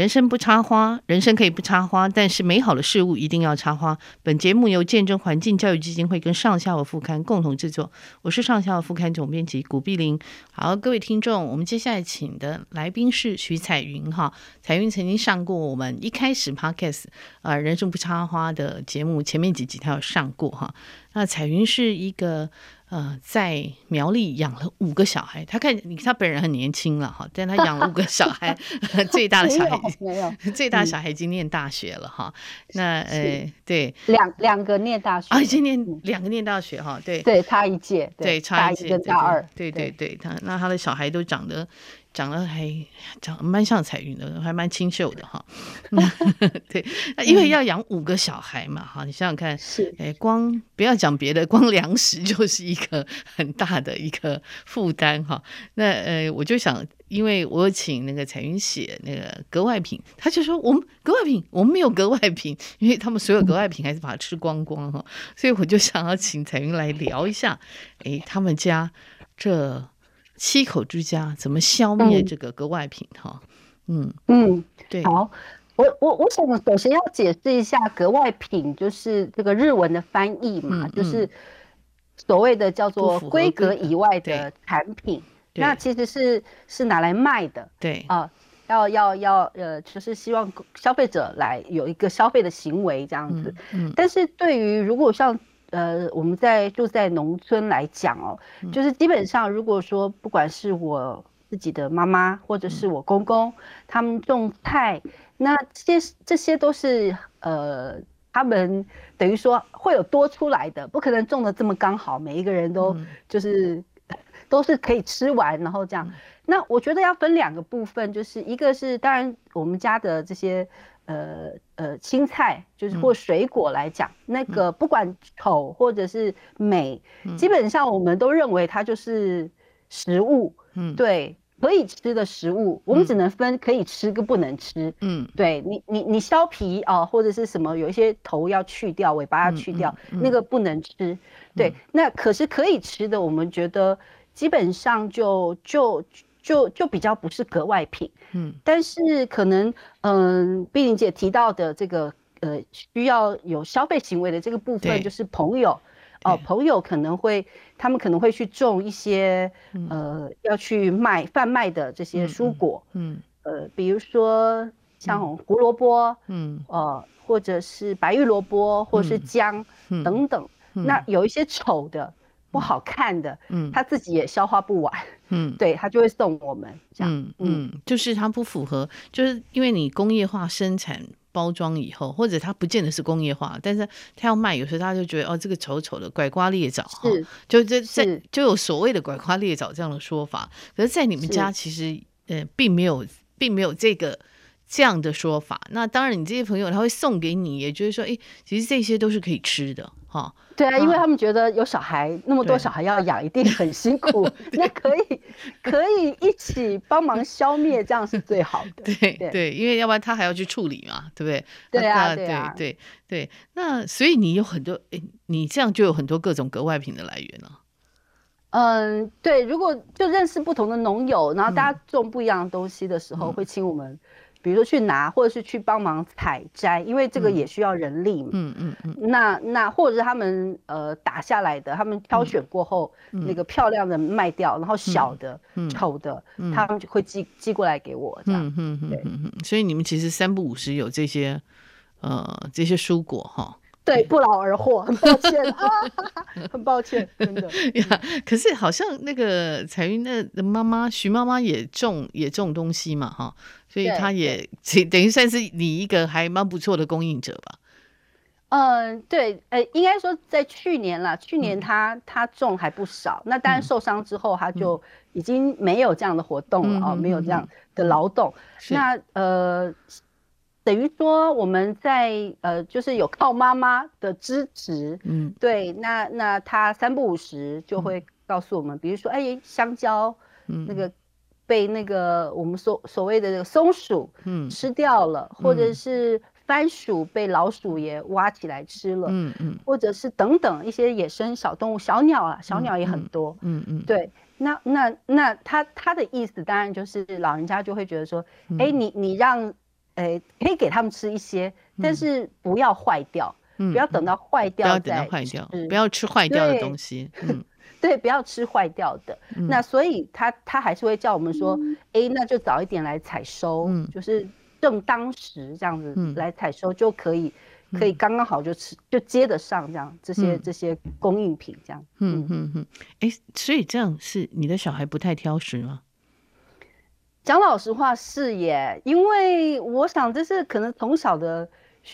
人生不插花，人生可以不插花，但是美好的事物一定要插花。本節目由見證環境教育基金會跟上下游副刊共同製作，我是上下游副刊總編輯古碧玲。好，各位聽眾，我們接下來請的來賓是徐彩雲哈。彩雲曾經上過我們一開始 podcast 啊、呃，人生不插花的節目，前面幾集她有上過哈。那彩雲是一個。呃，在苗栗養了五個小孩，他看你他本人很年輕了哈， 但他養了五個小孩， 最大的小孩 沒有，沒有，最大的小孩已經念大學了哈。嗯、那呃，對，兩兩個念大學啊，已經念兩個念大學哈，對對，差一屆，對差一屆大二，對對對，對對對對他那他的小孩都長得。長得還，長得蠻像彩雲的，還蠻清秀的哈。那 對，因為要養五個小孩嘛，哈、嗯，你想想看，是，光不要講別的，光糧食就是一個很大的一個負擔哈。那呃，我就想，因為我有請那個彩雲寫那個格外品，他就說我們格外品，我們沒有格外品，因為他們所有格外品還是把它吃光光哈。所以我就想要請彩雲來聊一下，哎，他們家這。七口之家怎麼消滅這個格外品？嗯、哈，嗯嗯，對。好，我我我想首先要解釋一下格外品，就是這個日文的翻譯嘛，嗯嗯、就是所謂的叫做規格以外的產品。嗯、那其實是是拿來賣的，對啊，要要要呃，就是希望消費者來有一個消費的行為這樣子。嗯嗯、但是對於如果像。呃，我們在住在農村來講哦，嗯、就是基本上如果說不管是我自己的媽媽或者是我公公，嗯、他們種菜，那這些這些都是呃，他們等於說會有多出來的，不可能種的這麼剛好，每一個人都就是、嗯、都是可以吃完，然後這樣。嗯、那我覺得要分兩個部分，就是一個是當然我們家的這些。呃呃，青菜就是或水果來講，嗯、那個不管醜或者是美，嗯、基本上我們都認為它就是食物，嗯，對，可以吃的食物，嗯、我們只能分可以吃跟不能吃，嗯，對你你你削皮啊，或者是什麼有一些頭要去掉，尾巴要去掉，嗯、那個不能吃，嗯、對，嗯、那可是可以吃的，我們覺得基本上就就。就就比較不是格外品，嗯，但是可能，嗯，碧玲姐提到的這個，呃，需要有消費行為的這個部分，就是朋友，哦，朋友可能會，他們可能會去種一些，呃，要去賣、販賣的這些蔬果，嗯，呃，比如說像胡蘿蔔，嗯，呃，或者是白玉蘿蔔，或者是薑，等等，那有一些醜的、不好看的，嗯，他自己也消化不完。嗯，對，他就會送我們，這樣，嗯，嗯，就是他不符合，就是因為你工業化生產包裝以後，或者他不見得是工業化，但是他要賣，有時候大家就覺得哦，這個醜醜的，拐瓜裂棗哈是，就這在是就有所謂的拐瓜裂棗這樣的說法，可是在你們家其實是呃並沒有並沒有這個這樣的說法，那當然你這些朋友他會送給你，也就是說，哎、欸，其實這些都是可以吃的。好，哦、對啊，嗯、因為他們覺得有小孩那麼多，小孩要養一定很辛苦。對 那可以，可以一起幫忙消滅，這樣是最好的。對 對，對，因為要不然他還要去處理嘛，對不對？對啊，啊對啊對對對。那所以你有很多，哎，你這樣就有很多各種格外品的來源了啊。嗯，對，如果就認識不同的農友，然後大家種不一樣的東西的時候，會請我們。嗯比如說去拿，或者是去幫忙採摘，因為這個也需要人力嘛，嗯嗯嗯。嗯嗯，那那或者是他們呃打下來的，他們挑選過後、嗯、那個漂亮的賣掉，嗯、然後小的、嗯、醜的，他們就會寄、嗯、寄過來給我。嗯嗯嗯。嗯嗯，對，所以你們其實三不五時有這些，呃，這些蔬果哈、哦。 對，不勞而獲，很抱歉 啊，很抱歉，真的呀。 yeah, 嗯、可是好像那個彩雲的媽媽徐媽媽也種也種東西嘛，哈，對所以她也等於算是你一個還蠻不錯的供應者吧。嗯、呃，對，呃，應該說在去年啦。去年她她種還不少，那當然受傷之後，嗯、她就已經沒有這樣的活動了，嗯哼嗯哼，哦，沒有這樣的勞動。是那呃。等於說我們在呃，就是有靠媽媽的支持，嗯，對，那那他三不五時就會告訴我們，嗯、比如說，哎、欸，香蕉，那個被那個我們所所謂的那個松鼠，嗯，吃掉了，嗯、或者是番薯被老鼠也挖起來吃了，嗯嗯，嗯或者是等等一些野生小動物，小鳥啊，小鳥也很多，嗯嗯，嗯嗯對，那那那他他的意思當然就是老人家就會覺得說，哎、嗯欸，你你讓。哎、欸，可以給他們吃一些，但是不要壞掉，不要等到壞掉再，不要等到壞掉，對不要吃壞掉的東西。嗯、 對，不要吃壞掉的。那所以他他還是會叫我們說，哎、嗯欸，那就早一點來採收，嗯、就是正當時這樣子來採收、嗯、就可以，可以剛剛好就吃就接得上這樣這些、嗯、這些供應品這樣。嗯嗯嗯，哎、嗯嗯欸，所以這樣是你的小孩不太挑食嗎？講老實話是耶，因為我想這是可能從小的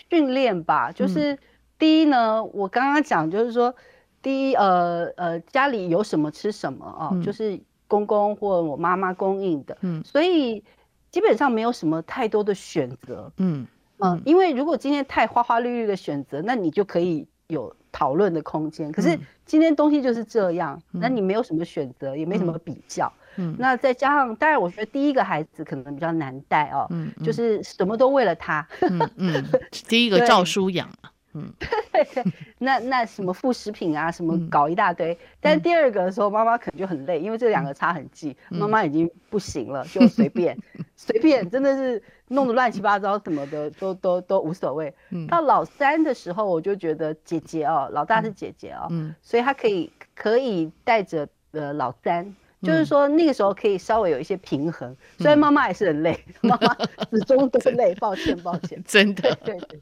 訓練吧。就是第一呢，嗯、我剛剛講就是說，第一呃呃家裡有什麼吃什麼啊，哦嗯、就是公公或我媽媽供應的，嗯，所以基本上沒有什麼太多的選擇，嗯嗯，嗯嗯，因為如果今天太花花綠綠的選擇，那你就可以有討論的空間。可是今天東西就是這樣，嗯、那你沒有什麼選擇，嗯、也沒什麼比較。嗯嗯，那再加上，當然我覺得第一個孩子可能比較難帶哦，嗯，就是什麼都為了他，嗯，第一個照書養，嗯，對對對，那那什麼副食品啊，什麼搞一大堆，但第二個的時候媽媽可能就很累，因為這兩個差很近，媽媽已經不行了，就隨便隨便，真的是弄得亂七八糟什麼的都都都無所謂。到老三的時候，我就覺得姐姐哦，老大是姐姐哦，所以她可以可以帶着呃老三。就是說那個時候可以稍微有一些平衡，嗯、雖然媽媽也是很累，媽媽、嗯、始終都累，抱歉 的抱歉，抱歉真的對，對對，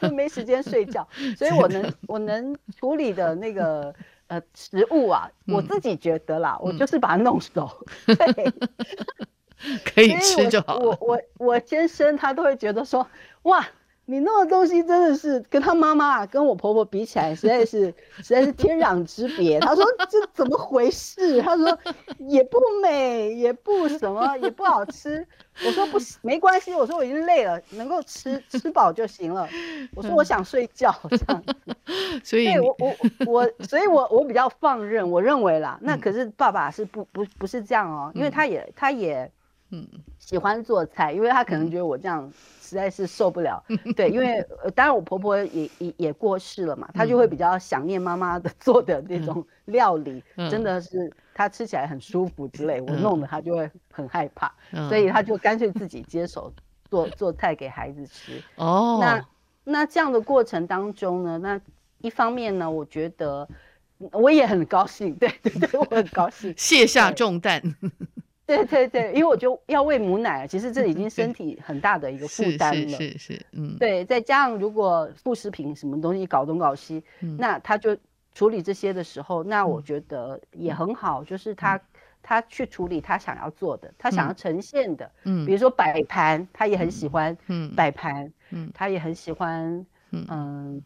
她沒時間睡覺，所以我能的我能處理的那個呃食物啊，嗯、我自己覺得啦，我就是把它弄熟，嗯、對 可以吃就好了我，我我我先生他都會覺得說哇。你弄的東西真的是跟他媽媽跟我婆婆比起來，實在是實在是天壤之別。他說這怎麼回事？他說也不美，也不什麼，也不好吃。我說不行，沒關係，我說我已經累了，能夠吃吃飽就行了。我說我想睡覺這樣。所以我我我所以我我比較放任，我認為啦。那可是爸爸是不不不是這樣哦，因為他也他也嗯喜歡做菜，因為他可能覺得我這樣。實在是受不了，對，因為、呃、當然我婆婆也也 也過世了嘛，她就會比較想念媽媽的做的那種料理，嗯嗯、真的是她吃起來很舒服之類，我弄得她就會很害怕，嗯、所以她就乾脆自己接手做、嗯、 做、做菜給孩子吃。哦，那那這樣的過程當中呢，那一方面呢，我覺得我也很高興，對、對、對對，我很高興 卸下重擔。對 對對對，因為我就要餵母奶， 其實這已經身體很大的一個負擔了。是，是是是，嗯，對，再加上如果副食品什麼東西搞東搞西，嗯、那他就處理這些的時候，那我覺得也很好，就是他、嗯、他去處理他想要做的，嗯、他想要呈現的。嗯，比如說擺盤，他也很喜歡嗯。嗯，擺、嗯、盤。他也很喜歡。呃、嗯。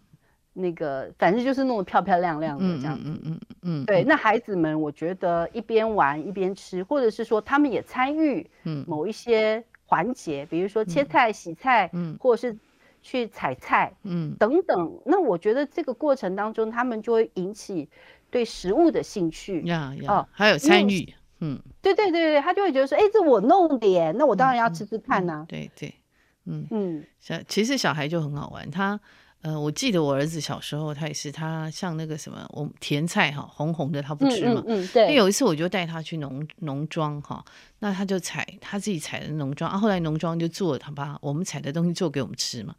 那個反正就是弄得漂漂亮亮的，這樣子嗯，嗯嗯嗯嗯，嗯對。那孩子們，我覺得一邊玩一邊吃，或者是說他們也參與某一些環節，嗯、比如說切菜、洗菜，嗯，或者是去採菜，嗯，等等。嗯、那我覺得這個過程當中，他們就會引起對食物的興趣，呀呀，哦，還有參與，嗯，對、嗯、對對對，他就會覺得說，哎、欸，這我弄的耶，那我當然要吃吃看吶、啊嗯嗯。對對，嗯嗯，小其實小孩就很好玩，他。呃，我記得我兒子小時候，他也是，他像那個什麼，我甜菜哈，紅紅的他不吃嘛。嗯，嗯，嗯，對。因為有一次我就帶他去農農莊哈，那他就採他自己採的農莊啊，後來農莊就做了他，他把我們採的東西做給我們吃嘛。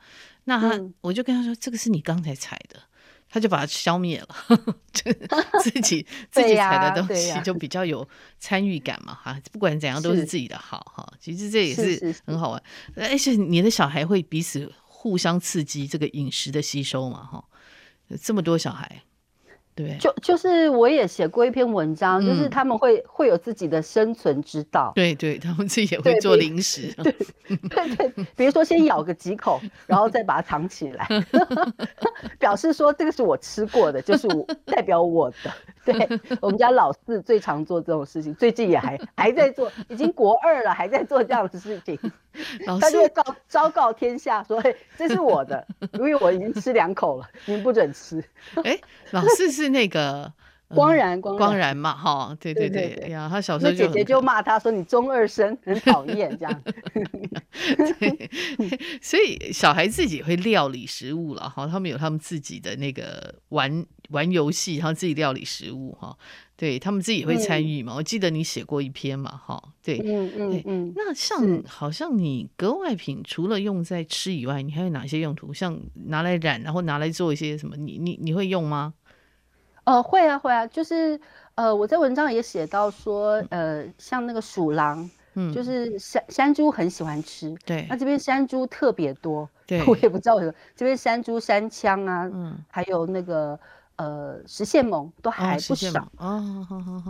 那他、嗯、我就跟他說，這個是你剛才採的，他就把它消滅了， 就自己、 啊、自己採的東西就比較有參與感嘛、啊、哈。不管怎樣都是自己的好是哈，其實這也是很好玩，是是是，而且你的小孩會彼此。互相刺激這個飲食的吸收嘛，哈，這麼多小孩，對，就就是我也寫過一篇文章，嗯、就是他們會會有自己的生存之道，對，對他們自己也會做零食，對對對，對 比如說先咬個幾口，然後再把它藏起來， 表示說這個是我吃過的，就是代表我的，對我們家老四最常做這種事情，最近也還還在做，已經國二了還在做這樣的事情。老師他就告昭告天下說：“哎，這是我的，因為我已經吃兩口了，您 不准吃。 ”哎、欸，老四是那個 光然光然光然嘛，哈、哦，對對對，對，哎呀，他小時候就姐姐就罵他說：“你中二生，很討厭這樣。 ”所以小孩自己會料理食物了哈、哦，他們有他們自己的那個玩玩遊戲，然後自己料理食物哈。哦對他們自己也會參與嘛？我記得你寫過一篇嘛，哈，對，嗯嗯嗯。那像好像你格外品除了用在吃以外，你還有哪些用途？像拿來染，然後拿來做一些什麼？你你你會用嗎？呃，會啊會啊，就是呃，我在文章也寫到說，呃，像那個鼠狼，嗯，就是山山豬很喜歡吃，對，那這邊山豬特別多，對，我也不知道為什麼這邊山豬山羌啊，嗯，還有那個。呃，食蟹獴都還不少，啊、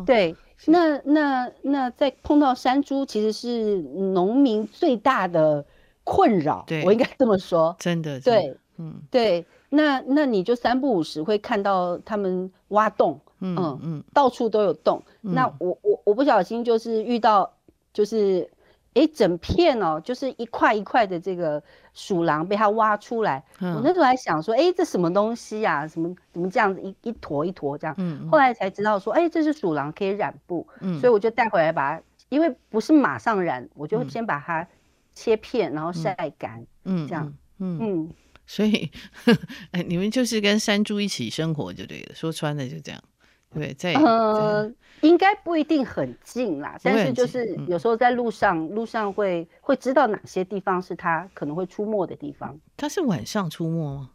對，那那那在碰到山豬，其實是農民最大的困擾。對，我應該這麼說。真的。對，嗯，對，那那你就三不五時會看到他們挖洞，嗯，嗯嗯，到處都有洞。嗯、那我我我不小心就是遇到，就是。哎，整片哦，就是一塊一塊的這個薯榔被它挖出來。嗯、我那時候還想說，哎，這什麼東西啊？什麼怎麼這樣子一一坨一坨這樣？嗯，後來才知道說，哎，這是薯榔可以染布。嗯、所以我就帶回來把它，因為不是馬上染，嗯、我就先把它切片，然後曬乾。嗯，這樣，嗯嗯，嗯嗯，所以哎，你們就是跟山豬一起生活就對了，說穿了就這樣。對，在嗯，應該不一定很近啦，但是就是有時候在路上，路上會會知道哪些地方是他可能會出沒的地方。他是晚上出沒嗎？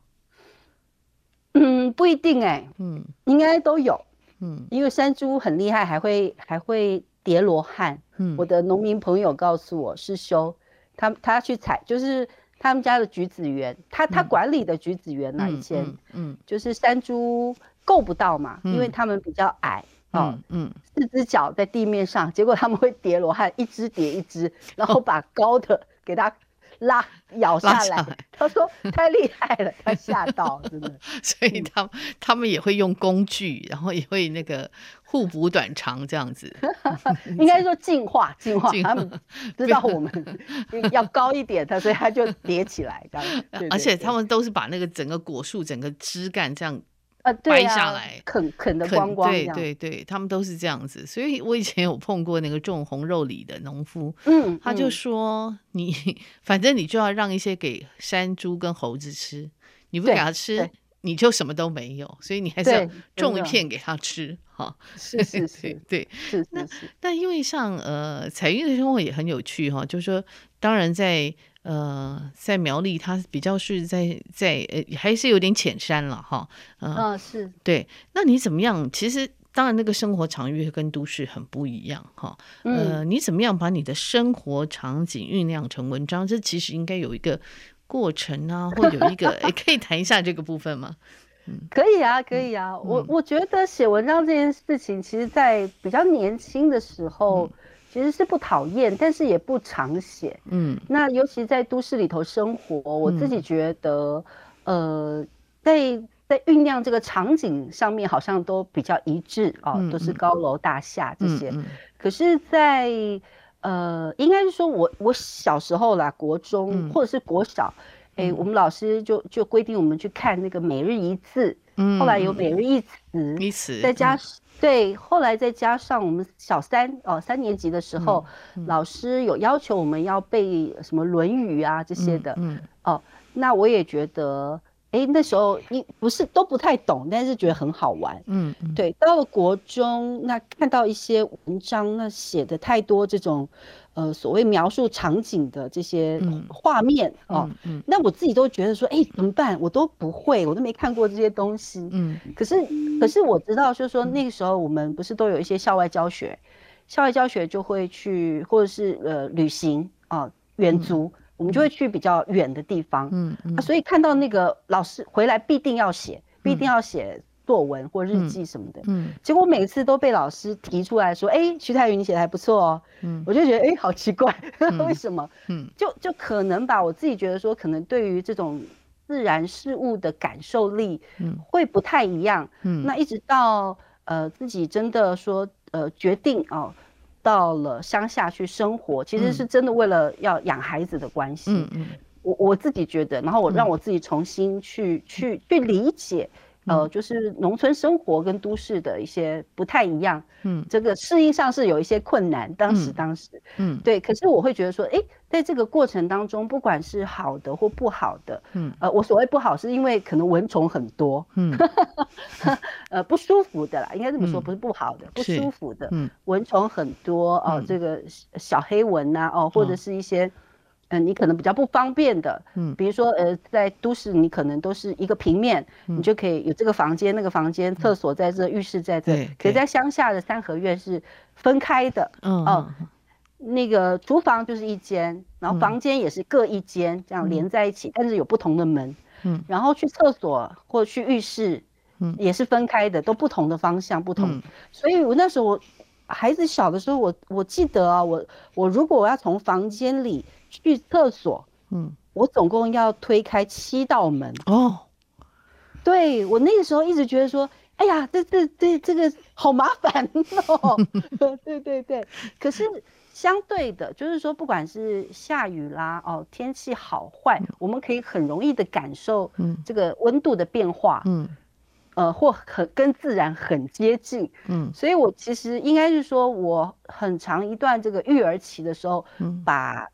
嗯，不一定哎，嗯，應該都有，嗯，因為山豬很厲害，還會還會疊羅漢。嗯，我的農民朋友告訴我，是修，他他去採，就是他們家的橘子園，他他管理的橘子園啊，以前，嗯，就是山豬。夠不到嘛？因為他們比較矮，嗯、哦，嗯，四隻腳在地面上，嗯嗯、結果他們會疊羅漢，一隻疊一隻，然後把高的給他拉咬下來。下來，他說 太厲害了，他嚇到，真的。所以他他們也會用工具，嗯、然後也會那個互補短長這樣子， 應該說進化進化。化 化，他們知道我們要高一點， 所以他就疊起來這樣子。對對對對，而且他們都是把那個整個果樹、整個枝幹這樣。呃、對啊，掰下來啃啃的光光，對對對，他們都是這樣子。所以我以前有碰過那個種紅肉李的農夫，嗯，他就說、嗯、你反正你就要讓一些給山豬跟猴子吃，你不給他吃，對你就什麼都沒有，所以你還是要種一片給他吃，哈對。哦、是是是， 對。對是是是，那是是是那但因為像呃彩雲的生活也很有趣哈、哦，就是、說當然在。呃，在苗栗，它比較是在在呃、欸，還是有點淺山了哈。呃、嗯，是，對。那你怎麼樣？其實，當然，那個生活場域跟都市很不一樣哈。嗯。呃，你怎麼樣把你的生活場景醞釀成文章？這其實應該有一個過程啊，或有一個也、 欸、可以談一下這個部分嗎？嗯，可以啊，可以啊。嗯、我、嗯、我覺得寫文章這件事情，其實，在比較年輕的時候。嗯其實是不討厭，但是也不常寫。嗯，那尤其在都市裡頭生活，嗯、我自己覺得，呃，在在醞釀這個場景上面，好像都比較一致啊，哦嗯、都是高樓大廈這些。嗯、可是在，在呃，應該是說我我小時候啦，國中、嗯、或者是國小，哎、嗯欸，我們老師就就規定我們去看那個每日一字。嗯。後來有每日一詞，一詞，再加、嗯。對，後來再加上我們小三哦，三年級的時候，嗯嗯、老師有要求我們要背什麼《論語》啊這些的，嗯嗯、哦，那我也覺得，哎，那時候一不是都不太懂，但是覺得很好玩。嗯，嗯對，到了國中，那看到一些文章，那寫的太多這種。呃，所謂描述場景的這些畫面啊，那我自己都覺得說，哎，怎麼辦？我都不會，我都沒看過這些東西。嗯，可是可是我知道，就是說那個時候我們不是都有一些校外教學，校外教學就會去或者是呃旅行啊、遠足，嗯、我們就會去比較遠的地方。嗯嗯、啊，所以看到那個老師回來必，必定要寫，必定要寫，作文或日記什麼的，嗯，嗯，結果每次都被老師提出來說，哎、欸，徐彩雲你寫的還不錯哦、喔，嗯，我就覺得哎、欸、好奇怪， 為什麼？嗯，嗯，就就可能吧，我自己覺得說，可能對於這種自然事物的感受力，嗯，會不太一樣，嗯，嗯，那一直到呃自己真的說呃決定哦、呃，到了鄉下去生活，其實是真的為了要養孩子的關係、嗯，嗯，嗯，我我自己覺得，然後我讓我自己重新去、嗯、去去理解。呃，就是農村生活跟都市的一些不太一樣，嗯，這個適應上是有一些困難。當時，當時，嗯，嗯對。可是我會覺得說，哎、欸，在這個過程當中，不管是好的或不好的，嗯，呃，我所謂不好是因為可能蚊蟲很多，嗯， 呃，不舒服的啦，應該這麼說，嗯、不是不好的，不舒服的，嗯，蚊蟲很多哦、呃，這個小黑蚊吶、啊，哦、呃，或者是一些。嗯、呃，你可能比較不方便的，嗯，比如說呃，在都市你可能都是一個平面，嗯、你就可以有這個房間、那個房間、廁所在這，嗯、浴室在這，嗯、可可在鄉下的三合院是分開的，嗯、呃、那個廚房就是一間，然後房間也是各一間，嗯、這樣連在一起，嗯、但是有不同的門，嗯。然後去廁所或去浴室，嗯，也是分開的，嗯、都不同的方向，不同。嗯、所以我那時候我孩子小的時候，我我記得啊，我我如果我要從房間裡。去廁所，嗯，我總共要推開七道門哦。對，我那個時候一直覺得說，哎呀，這這這這個好麻煩哦、喔。 對對對，可是相對的，就是說，不管是下雨啦，哦，天氣好壞，嗯、我們可以很容易的感受這個溫度的變化，嗯，嗯呃，或很跟自然很接近，嗯，所以我其實應該是說，我很長一段這個育兒期的時候，嗯，把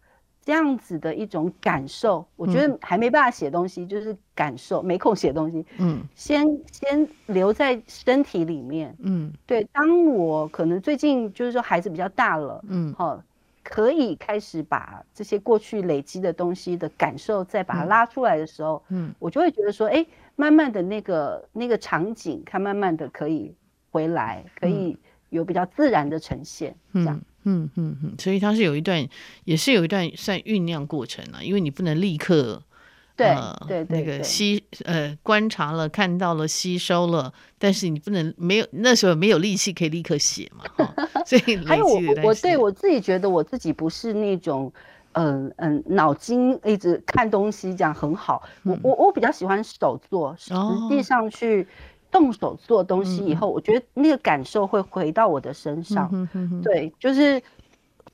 這樣子的一種感受，我覺得還沒辦法寫東西，嗯、就是感受沒空寫東西。嗯，先先留在身體裡面。嗯，對。當我可能最近就是說孩子比較大了，嗯，好，可以開始把這些過去累積的東西的感受再把它拉出來的時候，嗯，嗯，我就會覺得說，哎、欸，慢慢的那個那個場景，它慢慢的可以回來，可以有比較自然的呈現，嗯、這樣。嗯嗯嗯，所以它是有一段，也是有一段算醞釀過程了，因為你不能立刻，對，呃、對對對，那個吸呃觀察了看到了、吸收了，但是你不能沒有那時候沒有力氣可以立刻寫嘛、 哦、所以還有我我對我自己覺得我自己不是那種、呃、嗯嗯腦筋一直看東西這樣很好，我我我比較喜歡手做實際上去、哦。動手做東西以後，嗯、哼我覺得那個感受會回到我的身上。嗯、哼哼哼對，就是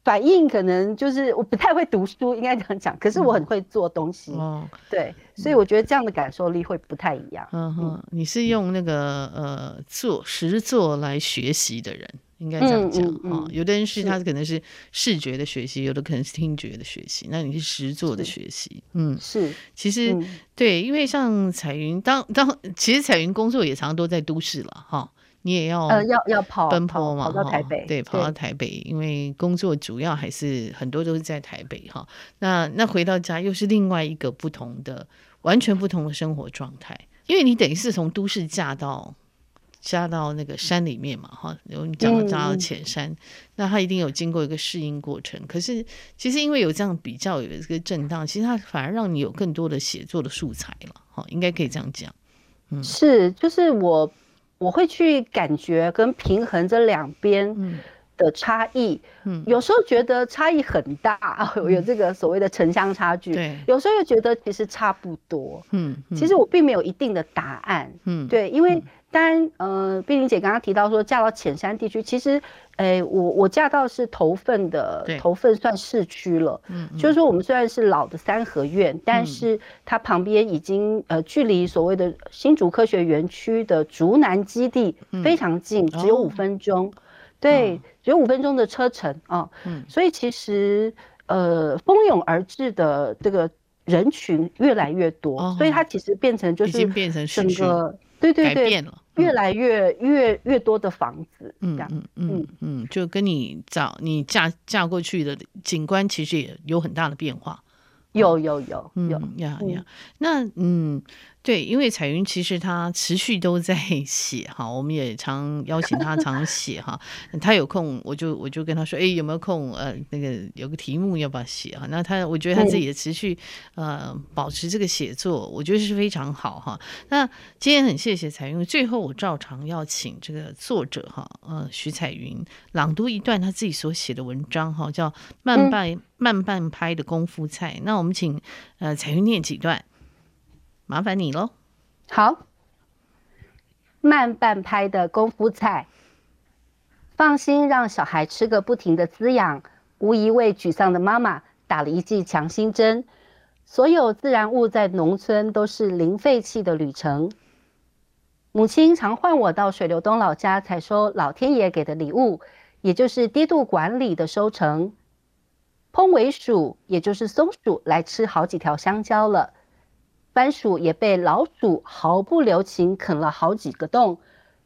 反應可能就是我不太會讀書，應該這樣講。可是我很會做東西，嗯、哼對，所以我覺得這樣的感受力會不太一樣。嗯哼，嗯你是用那個呃做實做來學習的人。應該這樣講、嗯嗯嗯哦、有的人是他可能是視覺的學習，是有的可能是聽覺的學習，那你是實作的學習，是嗯，是，其實、嗯、對，因為像彩雲，當當其實彩雲工作也常常都在都市了哈、哦，你也要呃要要跑奔波嘛跑，跑到台北，對、哦，跑到台北，對因為工作主要還是很多都是在台北哈、哦，那那回到家又是另外一個不同的，完全不同的生活狀態，因為你等於是從都市嫁到。加到那個山裡面嘛，哈、嗯，有你講的加到淺山，那他一定有經過一個適應過程。嗯、可是其實因為有這樣比較，有這個震盪，其實它反而讓你有更多的寫作的素材了，哈，應該可以這樣講。嗯，是，就是我我會去感覺跟平衡這兩邊的差異。嗯，有時候覺得差異很大，嗯、 有這個所謂的城鄉差距。對，有時候又覺得其實差不多。嗯，嗯其實我並沒有一定的答案。嗯，對，因為、嗯。但呃，碧玲姐剛剛提到說嫁到淺山地區，其實，哎，我我嫁到是頭份的，對頭份算市區了。嗯，嗯，就是說我們雖然是老的三合院，嗯、但是它旁邊已經呃距離所謂的新竹科學園區的竹南基地非常近，嗯、只有五分鐘，哦、對，哦、只有五分鐘的車程啊。哦、嗯，所以其實呃，蜂擁而至的這個人群越來越多，哦、所以它其實變成就是變成整個。對對對，改變了，越來越、嗯、越越多的房子，子嗯，嗯嗯嗯嗯，嗯就跟你找你嫁嫁過去的景觀，其實也有很大的變化，嗯、有有有有那嗯。對，因為彩雲其實他持續都在寫哈，我們也常邀請他常寫哈，他 有空我就我就跟他說，誒，有沒有空？呃，那個有個題目要不要寫哈？那他我覺得他自己也持續呃保持這個寫作，我覺得是非常好哈。那今天很謝謝彩雲，最後我照常要請這個作者哈，呃，徐彩雲朗讀一段他自己所寫的文章哈，叫《慢半慢半拍的功夫菜》。嗯、那我們請呃彩雲念幾段。麻煩你咯。好，慢半拍的功夫菜。放心讓小孩吃個不停的滋養，無疑為沮喪的媽媽打了一劑強心針。所有自然物在農村都是零廢棄的旅程。母親常喚我到水流東老家採收老天爺給的禮物，也就是低度管理的收成。烹尾鼠，也就是松鼠，來吃好幾條香蕉了。番薯也被老鼠毫不留情啃了好幾個洞，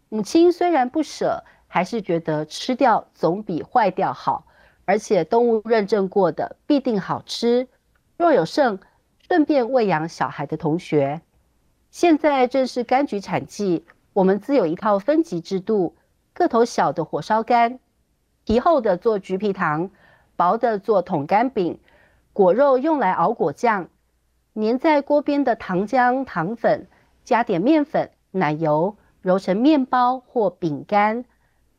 母親雖然不捨，還是覺得吃掉總比壞掉好，而且動物認證過的必定好吃。若有剩，順便餵養小孩的同學。現在正是柑橘產季，我們自有一套分級制度，個頭小的火燒乾，皮厚的做橘皮糖，薄的做桶干餅，果肉用來熬果醬。粘在鍋邊的糖漿、糖粉，加點麵粉、奶油，揉成麵包或餅乾。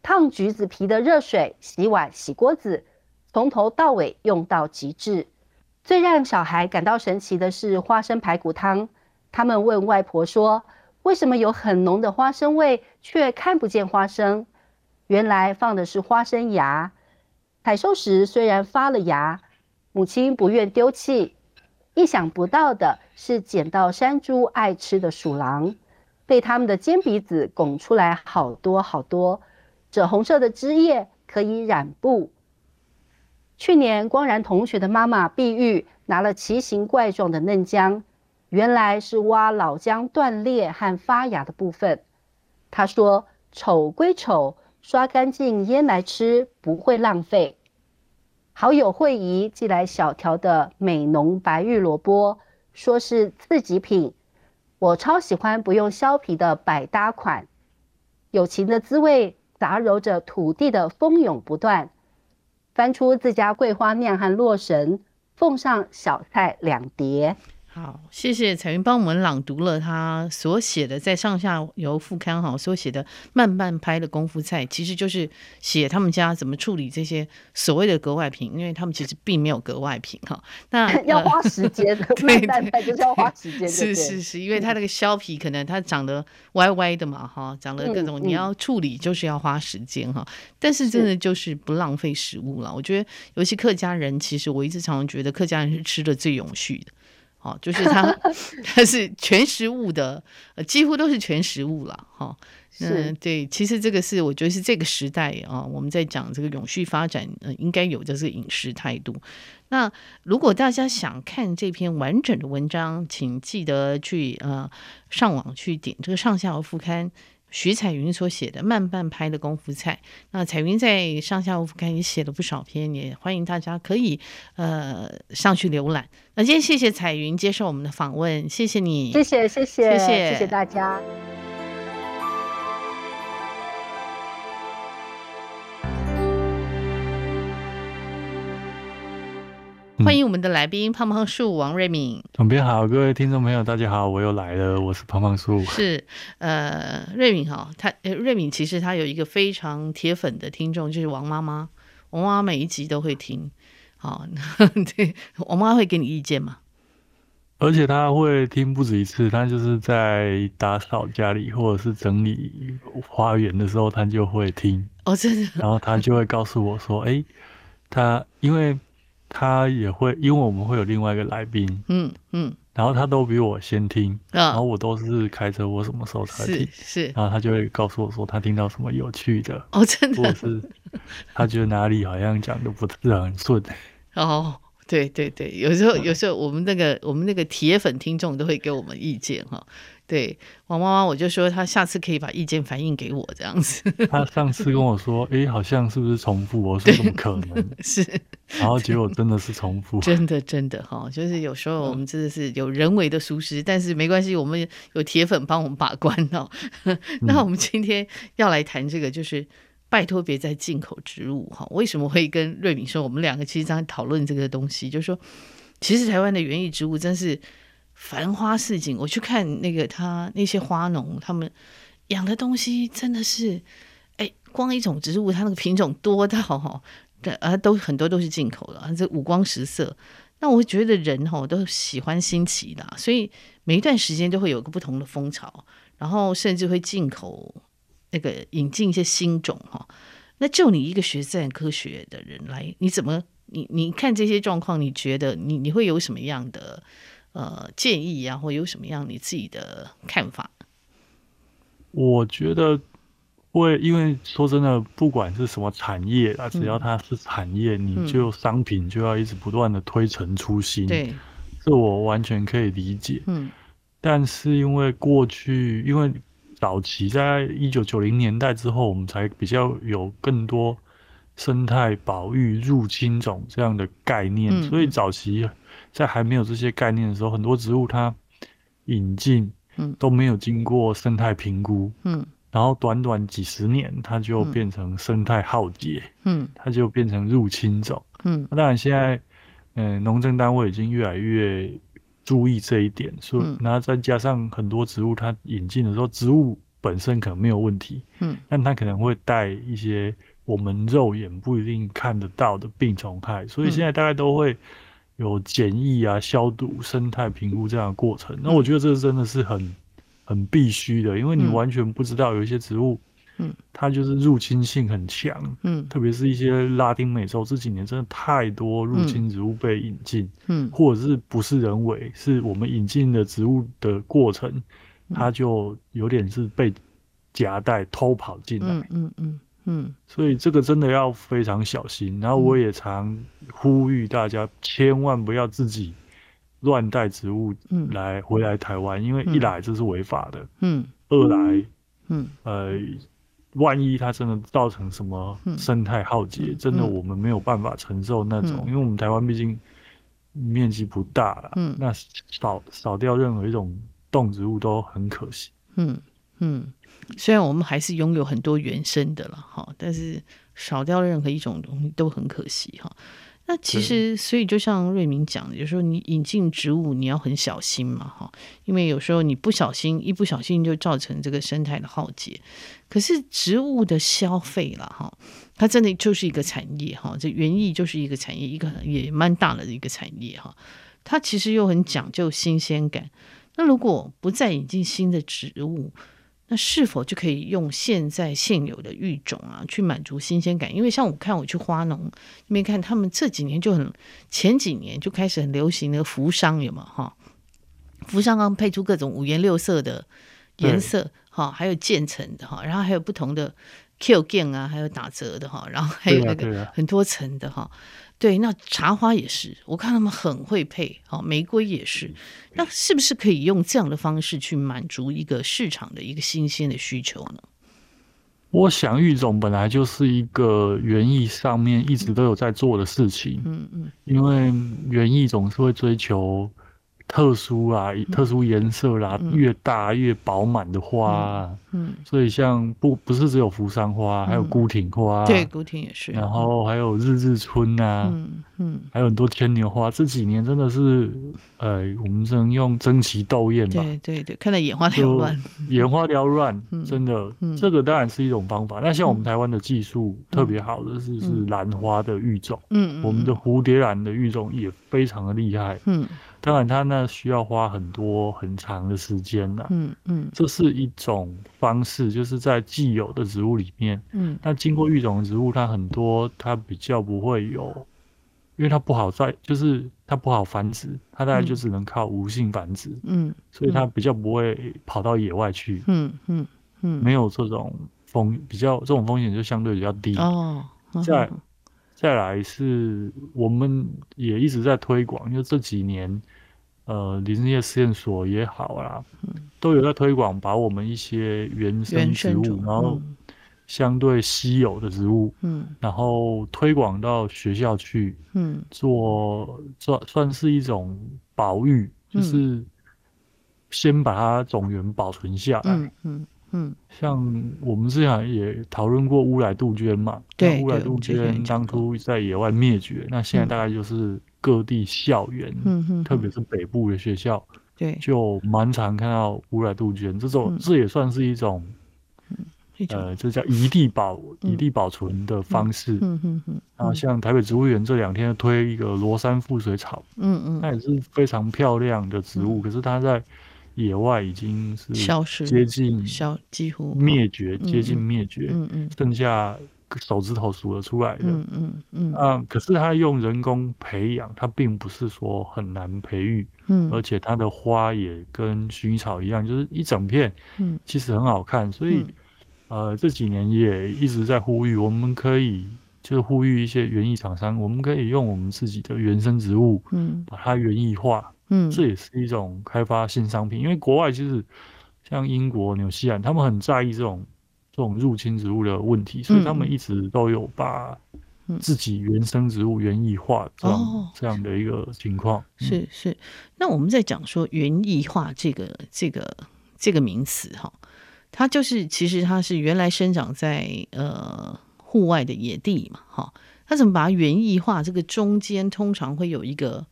燙橘子皮的熱水，洗碗、洗鍋子，從頭到尾用到極致。最讓小孩感到神奇的是花生排骨湯。他們問外婆說：“為什麼有很濃的花生味，卻看不見花生？”原來放的是花生芽。採收時雖然發了芽，母親不願丟棄。意想不到的是，撿到山豬愛吃的鼠狼，被他們的尖鼻子拱出來好多好多。紫紅色的汁液可以染布。去年光然同學的媽媽碧玉拿了奇形怪狀的嫩薑，原來是挖老薑斷裂和發芽的部分。她說：“醜歸醜，刷乾淨醃來吃不會浪費。”好友惠宜寄來小條的美濃白玉蘿蔔，說是次級品。我超喜歡不用削皮的百搭款，友情的滋味雜糅着土地的蜂湧不斷。翻出自家桂花釀和洛神，奉上小菜兩碟。好，謝謝彩雲幫我們朗讀了他所寫的在上下游副刊哈，所寫的慢半拍的功夫菜，其實就是寫他們家怎麼處理這些所謂的格外品，因為他們其實並沒有格外品哈。那、呃、要花時間的， 對，對，對，慢半拍就是要花時間，是是是，因為他那個削皮可能它長得歪歪的嘛哈，嗯、長得各種你要處理就是要花時間哈。嗯、但是真的就是不浪費食物了，是我覺得尤其客家人，其實我一直常常覺得客家人是吃的最永續的。哦，就是它，它 是全食物的、呃，幾乎都是全食物了。哈、哦，嗯是，對，其實這個是我覺得是這個時代啊、哦，我們在講這個永續發展，呃、應該有的是飲食態度。那如果大家想看這篇完整的文章，請記得去呃上網去點這個上下游副刊。徐彩雲所寫的《慢半拍的功夫菜》，那彩雲在上下游副刊也寫了不少篇，也歡迎大家可以呃上去瀏覽。那今天謝謝彩雲接受我們的訪問，謝謝你，謝謝謝謝謝謝，謝謝大家。歡迎我們的來賓、嗯、胖胖樹王瑞閔。總編好，各位聽眾朋友大家好，我又來了，我是胖胖樹，是呃瑞閔哈。他、呃、瑞閔其實他有一個非常鐵粉的聽眾，就是王媽媽，王媽媽每一集都會聽，好，對， 王媽會給你意見嗎？而且他會聽不止一次，他就是在打掃家裡或者是整理花園的時候，他就會聽哦，真的，然後他就會告訴我說，哎、 欸，他因為。他也會，因為我們會有另外一個來賓、嗯，嗯嗯，然後他都比我先聽，嗯、然後我都是開車，我什麼時候才聽？是是，是然後他就會告訴我說他聽到什麼有趣的，哦，真的是，他覺得哪裡好像講的不是很順。哦，對對對，有時候有時候我們那個我們那個鐵粉聽眾都會給我們意見哈。對王媽媽，我就說她下次可以把意見反映給我這樣子。他上次跟我說，哎、 欸，好像是不是重複？我說怎麼可能？是，對 然後結果真的是重複。 真的真的哈，就是有時候我們真的是有人為的疏失，嗯、但是沒關係，我們有鐵粉幫我們把關哦、喔。 那我們今天要來談這個，就是拜托別再進口植物哈。為什麼會跟瑞閔說？我們兩個其實在討論這個東西，就是說其實台灣的園藝植物真是。繁花似錦，我去看那個他那些花農，他們養的東西真的是，哎，光一種植物，它那個品種多到哈，對啊，都很多都是進口的，這五光十色。那我覺得人哈都喜歡新奇的，所以每一段時間都會有個不同的風潮，然後甚至會進口那個引進一些新種哈。那就你一個學自然科學的人來，你怎麼你你看這些狀況，你覺得你你會有什麼樣的？呃，建議啊，或有什麼樣你自己的看法？我覺得會，會因為說真的，不管是什麼產業，啊，只要它是產業，嗯、你就商品就要一直不斷的推陳出新。對、嗯，這我完全可以理解。嗯對，但是因為過去，因為早期在一九九零年代之後，我們才比較有更多。生態保育、入侵種這樣的概念，嗯、所以早期在還沒有這些概念的時候，很多植物它引進，都沒有經過生態評估，嗯嗯、然後短短幾十年，它就變成生態浩劫，嗯、它就變成入侵種，嗯啊、當然現在，嗯，呃、農政單位已經越來越注意這一點，所以然後再加上很多植物它引進的時候，植物本身可能沒有問題，但它可能會帶一些。我們肉眼不一定看得到的病蟲害，所以現在大概都會有檢疫啊、消毒、生態評估這樣的過程。嗯、那我覺得這個真的是很很必須的，因為你完全不知道有一些植物，嗯、它就是入侵性很強，嗯、特別是一些拉丁美洲這幾年真的太多入侵植物被引進，嗯，或者是不是人為？是我們引進的植物的過程，它就有點是被夾帶偷跑進來，嗯嗯。嗯嗯嗯，所以這個真的要非常小心。然後我也常呼籲大家，千萬不要自己亂帶植物來回來台灣，嗯嗯、因為一來這是違法的，嗯，二來，嗯，呃，嗯、萬一它真的造成什麼生態浩劫，嗯、真的我們沒有辦法承受那種，嗯嗯、因為我們台灣畢竟面積不大啦嗯，那少少掉任何一種動植物都很可惜，嗯嗯。嗯雖然我們還是擁有很多原生的了哈，但是少掉任何一種東西都很可惜哈。那其實，所以就像瑞閔講的，有時候你引進植物，你要很小心嘛哈，因為有時候你不小心，一不小心就造成這個生態的浩劫。可是植物的消費了哈，它真的就是一個產業哈，這園藝就是一個產業，一個也蠻大的一個產業哈。它其實又很講究新鮮感，那如果不再引進新的植物，那是否就可以用現在現有的育種啊，去滿足新鮮感？因為像我看，我去花農你邊看，他們這幾年就很，前幾年就開始很流行的扶桑有嗎？哈，扶桑剛、啊、配出各種五顏六色的顏色，哈對，還有漸層的，哈，然後還有不同的 kill g a 啊，還有打折的哈，然後還有那個很多層的哈。對，那茶花也是，我看他們很會配，哦，玫瑰也是，那是不是可以用這樣的方式去滿足一個市場的一個新鮮的需求呢？我想育種本來就是一個園藝上面一直都有在做的事情，嗯嗯，嗯嗯，因為園藝總是會追求。特殊啊，特殊顏色啦，越大越飽滿的花，嗯，所以像不不是只有扶桑花，還有孤挺花，對，孤挺也是，然後還有日日春吶，嗯嗯，還有很多牽牛花，這幾年真的是，呃，我們只能用爭奇鬥豔吧，對對對，看得眼花繚亂，眼花繚亂，真的，這個當然是一種方法。那像我們台灣的技術特別好的是是蘭花的育種，嗯，我們的蝴蝶蘭的育種也非常的厲害，嗯。當然，它那需要花很多很長的時間呢，啊嗯。嗯嗯，這是一種方式，就是在既有的植物裡面，嗯，那經過育種的植物，它很多，它比較不會有，因為它不好在，就是它不好繁殖，它大概就只能靠無性繁殖，嗯，所以它比較不會跑到野外去，嗯嗯，沒有這種風，比較這種風險就相對比較低哦，好好在再來是，我們也一直在推廣，因為這幾年，呃，林業試驗所也好啦，嗯、都有在推廣，把我們一些原生植物，嗯、然後相對稀有的植物，嗯，然後推廣到學校去，做算算是一種保育，嗯、就是先把它種源保存下來，嗯。嗯嗯，像我們之前也討論過烏來杜鵑嘛，對，烏來杜鵑當初在野外滅絕，那現在大概就是各地校園，嗯哼，特別是北部的學校，對，就蠻常看到烏來杜鵑這種，這也算是一種，呃，這叫移地保，移地保存的方式，嗯哼哼。然後，像台北植物園這兩天推一個羅山附水草，嗯嗯，那也是非常漂亮的植物，可是它在。野外已經是消失，接近消幾乎滅絕，接近滅絕。哦嗯嗯嗯、剩下手指頭數得出來的。嗯嗯嗯，嗯。可是它用人工培養，它並不是說很難培育。嗯、而且它的花也跟薰衣草一樣，就是一整片。其實很好看。嗯、所以，嗯、呃，這幾年也一直在呼籲，我們可以就是呼籲一些園藝廠商，我們可以用我們自己的原生植物，把它園藝化。嗯嗯，這也是一種開發新商品，因為國外其實像英國、紐西蘭，他們很在意這種這種入侵植物的問題，所以他們一直都有把自己原生植物園藝化這樣這樣的一個情況。是是，那我們在講說園藝化這個這個這個名詞哈，它就是其實它是原來生長在呃戶外的野地嘛，哈，它怎麼把它園藝化？這個中間通常會有一個。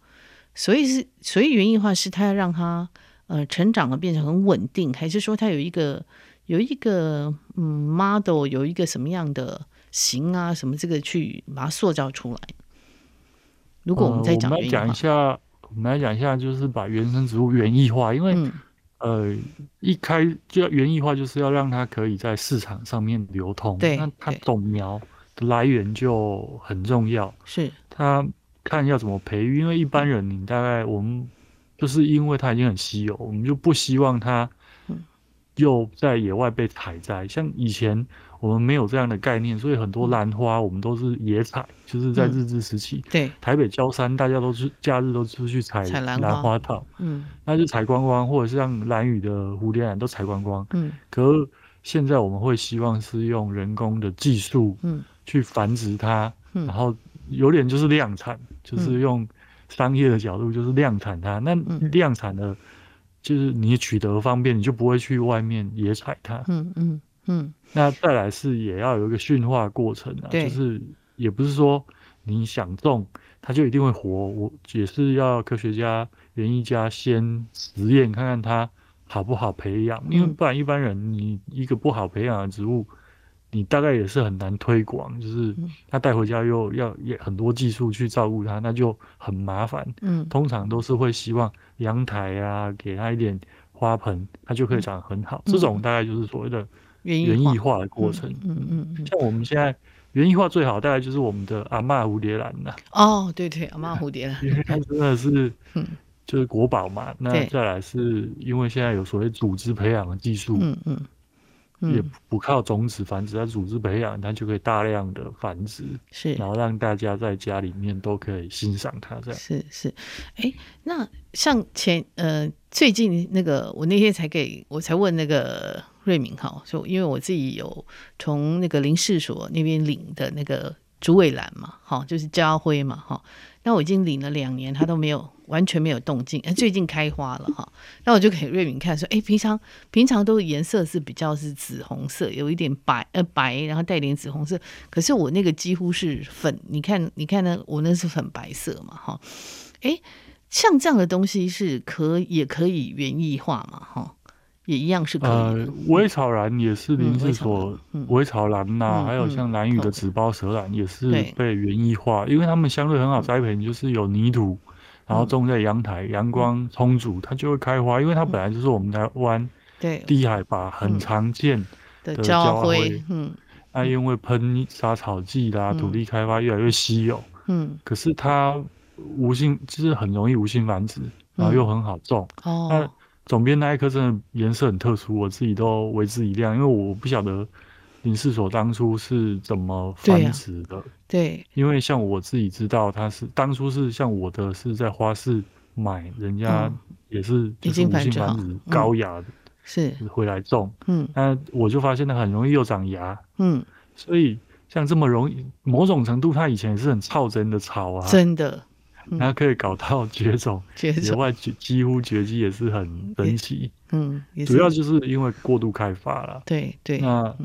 所以是，所以園藝化是它要讓它，呃，成長了變成很穩定，還是說它有一個有一個嗯 model，有一個什麼樣的型啊，什麼這個去把它塑造出來？如果我們再講園藝化，我們來講一下，我們來講一下就是把原生植物園藝化，因為、嗯、呃，一開就要園藝化，就是要讓它可以在市場上面流通，對那它種苗的來源就很重要，是對它，看要怎麼培育，因為一般人你大概我們就是因為它已經很稀有，我們就不希望它又在野外被採摘。嗯、像以前我們沒有這樣的概念，所以很多蘭花我們都是野採，就是在日治時期。嗯、對，台北郊山大家都是假日都出去採蘭花套，嗯，那就採光光，或者像蘭嶼的蝴蝶蘭都採光光，嗯。可是現在我們會希望是用人工的技術，嗯，去繁殖它，嗯，然後有點就是量產。嗯嗯就是用商業的角度，就是量產它。嗯、那量產的，就是你取得方便，你就不會去外面野採它。嗯嗯嗯。嗯嗯，那再來是也要有一個馴化過程啊，對就是也不是說你想種它就一定會活。我也是要科學家、園藝家先實驗看看它好不好培養，嗯、因為不然一般人你一個不好培養的植物。你大概也是很難推廣，就是他帶回家又要也很多技術去照顧它，嗯、那就很麻煩。嗯、通常都是會希望陽台啊，給他一點花盆，它就可以長得很好。嗯、這種大概就是所謂的園藝化的過程。嗯嗯，嗯，嗯像我們現在園藝化最好，大概就是我們的阿嬤蝴蝶蘭了。哦，對對，對，阿嬤蝴蝶蘭，因為它真的是，就是國寶嘛。嗯、那再來是因為現在有所謂組織培養的技術、嗯。嗯嗯。也不靠種子繁殖，它組織培養，它就可以大量的繁殖，是，然後讓大家在家裡面都可以欣賞它，這樣是是。哎，那像前呃最近那個，我那天才給我才問那個瑞明哈，就因為我自己有從那個林試所那邊領的那個竹尾蘭嘛，哈，就是家輝嘛，哈，那我已經領了兩年，他都沒有。完全沒有動靜，哎，最近開花了哈。那我就給瑞閔看說，哎、欸，平常平常都顏色是比較是紫紅色，有一點白呃白，然後帶點紫紅色。可是我那個幾乎是粉，你看你看呢，我那是粉白色嘛哈。哎、欸，像這樣的東西是可也可以園藝化嘛哈，也一樣是可以。葦、呃、草蘭也是林試所，葦、嗯、草蘭吶，還有像蘭嶼的紫苞舌蘭也是被園藝化，okay. 因為它們相對很好栽培，嗯、就是有泥土。然後種在陽台，嗯、陽光充足，它就會開花，因為它本來就是我們台灣、嗯、低海拔很常見的嬌貴、嗯。嗯，那、啊、因為噴殺草劑啦，嗯、土地開發越來越稀有。嗯，可是它無性，就是很容易無性繁殖，嗯、然後又很好種。嗯、哦，那總編那一棵，真的顏色很特殊，我自己都為之一亮，因為我不曉得。林試所當初是怎麼繁殖的？對，因為像我自己知道，它是當初是像我的是在花市買，人家也是已經繁殖高雅的，是回來種。嗯，那我就發現它很容易又長芽。嗯，所以像這麼容易，某種程度它以前是很俏真的草啊，真的，然後可以搞到絕種，野外幾幾乎絕跡也是很神奇。嗯，主要就是因為過度開發了。對對，那。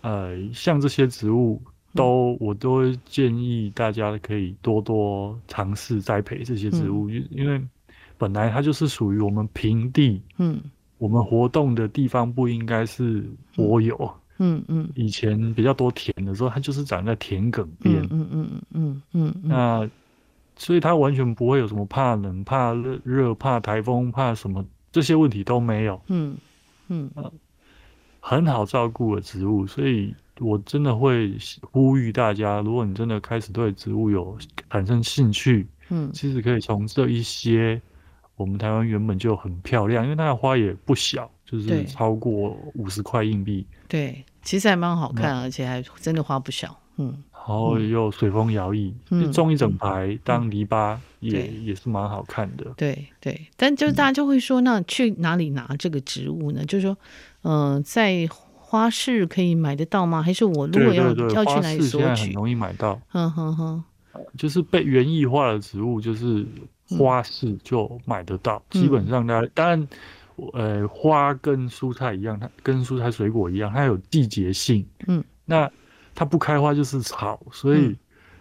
呃，像這些植物都，我都會建議大家可以多多嘗試栽培這些植物，嗯、因為本來它就是屬於我們平地，嗯，我們活動的地方不應該是柏油，嗯嗯，嗯嗯以前比較多田的時候，它就是長在田埂邊，嗯，嗯嗯嗯嗯嗯，嗯嗯那所以它完全不會有什麼怕冷、怕熱、熱、怕台風、怕什麼這些問題都沒有，嗯嗯。嗯呃很好照顧的植物，所以我真的會呼籲大家，如果你真的開始對植物有產生興趣，嗯，其實可以從這一些，我們台灣原本就很漂亮，因為它的花也不小，就是超過五十塊硬幣，對，其實還蠻好看，嗯、而且還真的花不小，嗯。然後又隨風搖曳，嗯、種一整排、嗯、當籬笆也對也是蠻好看的。對對，但就是大家就會說，那去哪裡拿這個植物呢？嗯、就是說，呃，在花市可以買得到嗎？還是我如果要對對對要去哪裡索取？花市現在很容易買到。嗯哼哼，就是被園藝化的植物，就是花市就買得到。嗯、基本上大家，當然，呃，花跟蔬菜一樣，它跟蔬菜水果一樣，它有季節性。嗯，那。它不開花就是草，所以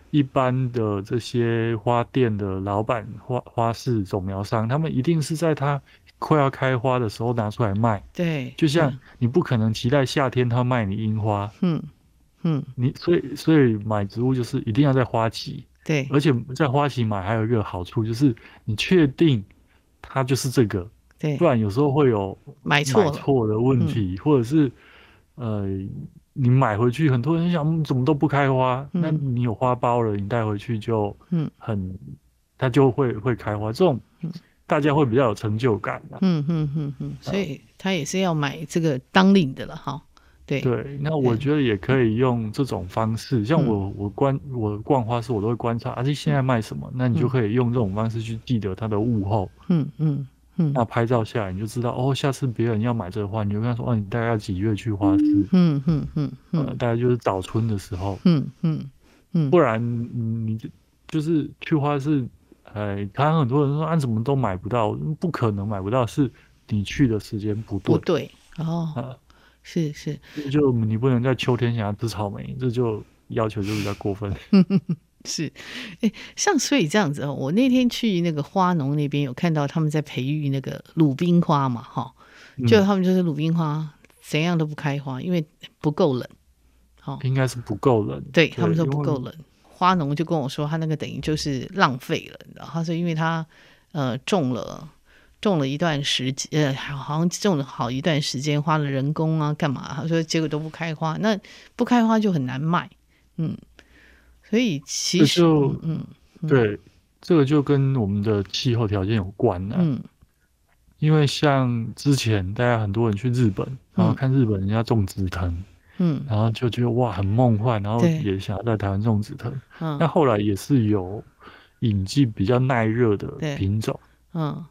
一般的這些花店的老闆、花花市種苗商，他們一定是在它快要開花的時候拿出來賣。對，就像你不可能期待夏天它賣你櫻花。嗯嗯，你所以所以買植物就是一定要在花期。對，而且在花期買還有一個好處就是你確定它就是這個。對，不然有時候會有買錯錯的問題，嗯、或者是呃。你買回去，很多人想怎麼都不開花，嗯、那你有花苞了，你帶回去就，嗯，很，它就會會開花，這種大家會比較有成就感、啊、嗯嗯嗯嗯，所以他也是要買這個當令的了哈。對對，那我覺得也可以用這種方式，嗯、像我我觀我逛花市，我都會觀察，而、啊、且現在賣什麼，那你就可以用這種方式去記得它的物候、嗯。嗯嗯。那拍照下來，你就知道哦。下次別人要買這個的話，你就跟他說哦，你大概要幾月去花市？嗯嗯嗯，嗯，嗯，嗯、呃、大概就是早春的時候。嗯嗯嗯，嗯不然你、嗯、就是去花市，哎、呃，他很多人說按、啊、怎麼都買不到？不可能買不到，是你去的時間不對。不對哦，呃、是是，就你不能在秋天想要吃草莓，這就要求就比較過分。 是，欸、像所以這樣子哦，我那天去那個花農那邊有看到他們在培育那個魯冰花嘛，哈，就他們就是魯冰花、嗯、怎樣都不開花，因為不夠冷，哦，應該是不夠冷，對，對他們說不夠冷，因為花農就跟我說他那個等於就是浪費了，你知道，他說因為他呃種了種了一段時間，呃，好像種了好一段時間，花了人工啊，幹嘛，他說結果都不開花，那不開花就很難賣，嗯。所以其實，就就嗯，嗯對，這個就跟我們的氣候條件有關了嗯，因為像之前大家很多人去日本，然後看日本人家種紫藤，嗯，然後就覺得哇很夢幻，然後也想要在台灣種紫藤。嗯對，那後來也是有引進比較耐熱的品種。嗯，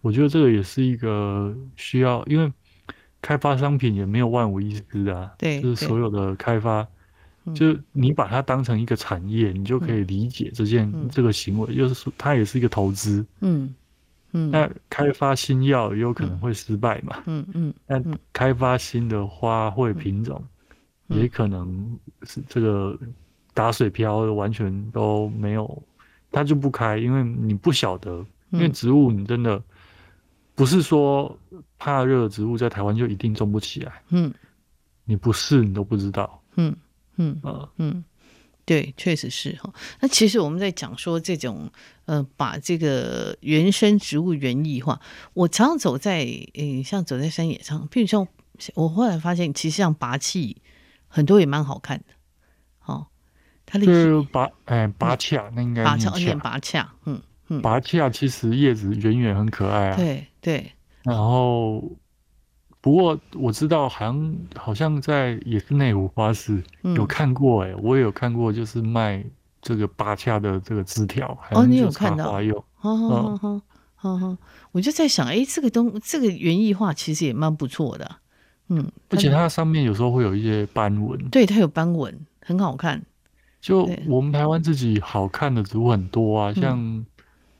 我覺得這個也是一個需要，因為開發商品也沒有萬無一失啊對。對，就是所有的開發。就是你把它當成一個產業，你就可以理解這件這個行為，嗯嗯、就是說它也是一個投資，嗯。嗯嗯。那開發新藥也有可能會失敗嘛。嗯嗯。那、嗯嗯、開發新的花卉品種，嗯嗯、也可能是這個打水漂，完全都沒有，它就不開，因為你不曉得，嗯、因為植物你真的不是說怕熱的植物在台灣就一定種不起來。嗯。你不試你都不知道。嗯。嗯嗯，對，確實是哈。那其實我們在講說這種呃，把這個原生植物園藝化。我常常走在呃、欸，像走在山野上，比如說我後來發現，其實像菝葜很多也蠻好看的。哦，它就拔哎菝葜，那應該。菝葜，有點拔恰嗯嗯，菝葜其實葉子遠遠很可愛啊。對對。對然後。不過我知道，好像好像在也是內湖花市有看過哎、欸，我也有看過，就是賣這個菝葜的這個枝條哦，你有看到？好有？我就在想，哎、欸，這個東這個園藝化其實也蠻不錯的，嗯，而且它上面有時候會有一些斑紋，對，它有斑紋，很好看。就我們台灣自己好看的植物很多啊，嗯、像。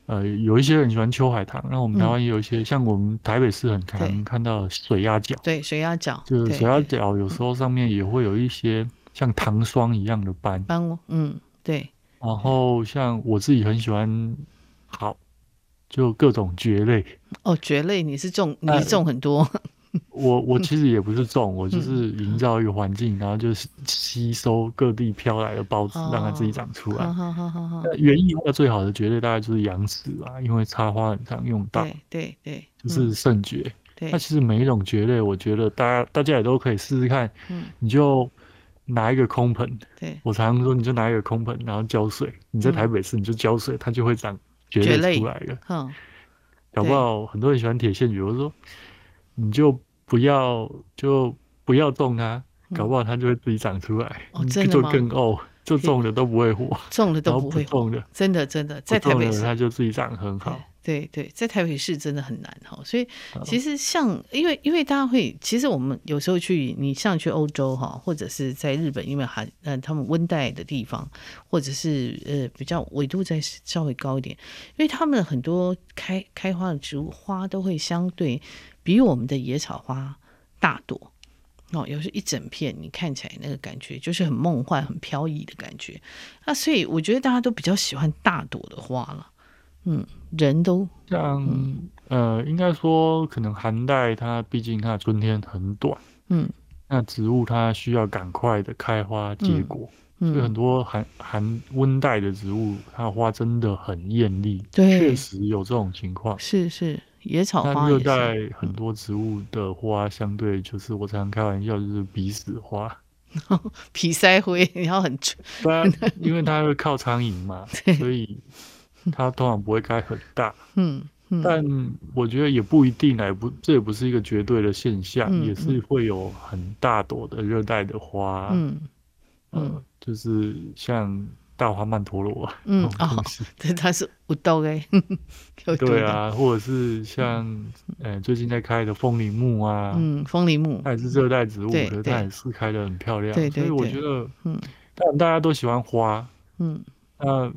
呃，有一些人喜歡秋海棠，那我們台灣也有一些、嗯、像我們台北市很常看到水鴨腳，對，水鴨腳，就是水鴨腳有時候上面也會有一些像糖霜一樣的斑，斑，嗯，對。然後像我自己很喜歡，好，就各種蕨類，哦，蕨類，你是種，你是種很多。呃我我其實也不是種，我就是營造一個環境，然後就是吸收各地飄來的孢子，讓它自己長出來。園藝化，好好，最好的蕨類大概就是羊齒啊，因為插花很常用到。對對就是腎蕨。那其實每一種蕨類，我覺得大家大家也都可以試試看。你就拿一個空盆。我常常說你就拿一個空盆，然後澆水。你在台北市，你就澆水，它就會長蕨類出來的。搞不好很多人喜歡鐵線蕨，我說你就。不要就不要動它，啊，搞不好它就會自己長出來，嗯哦，就更哦，就種的都不會活，種的都不會不動的，真的真的在台北市，的人它就自己長得很好。對對，對，在台北市真的很難哈。所以其實像，好因為因為大家會，其實我們有時候去，你像去歐洲哈，或者是在日本，因為還嗯他們溫帶的地方，或者是呃比較緯度在稍微高一點，因為他們很多開開花的植物花都會相對。比我們的野草花大朵，哦，又是一整片，你看起來那個感覺就是很夢幻、很飄逸的感覺。那所以我覺得大家都比較喜歡大朵的花了。嗯，人都、嗯、像呃，應該說可能寒帶它畢竟它的春天很短，嗯，那植物它需要趕快的開花結果，嗯嗯、所以很多寒寒溫帶的植物它的花真的很艷麗，對，確實有這種情況，是是。野草花也，熱帶很多植物的花，相對就是、嗯，我常開玩笑，就是鼻屎花，鼻 皮塞灰，然後很臭。不然，因為它會靠蒼蠅嘛，對所以它通常不會開很大。嗯，但我覺得也不一定來，也不這也不是一個絕對的現象，嗯嗯，也是會有很大朵的熱帶的花。嗯，嗯、呃、就是像。大花曼陀羅、嗯，嗯哦，這它是五豆哎，對啊，或者是像呃、欸、最近在開的風鈴木啊，嗯，風鈴木，它也是熱帶植物，對，對，對，它也是開得很漂亮，對對對，所以我覺得，嗯，大家都喜歡花，嗯，那、呃、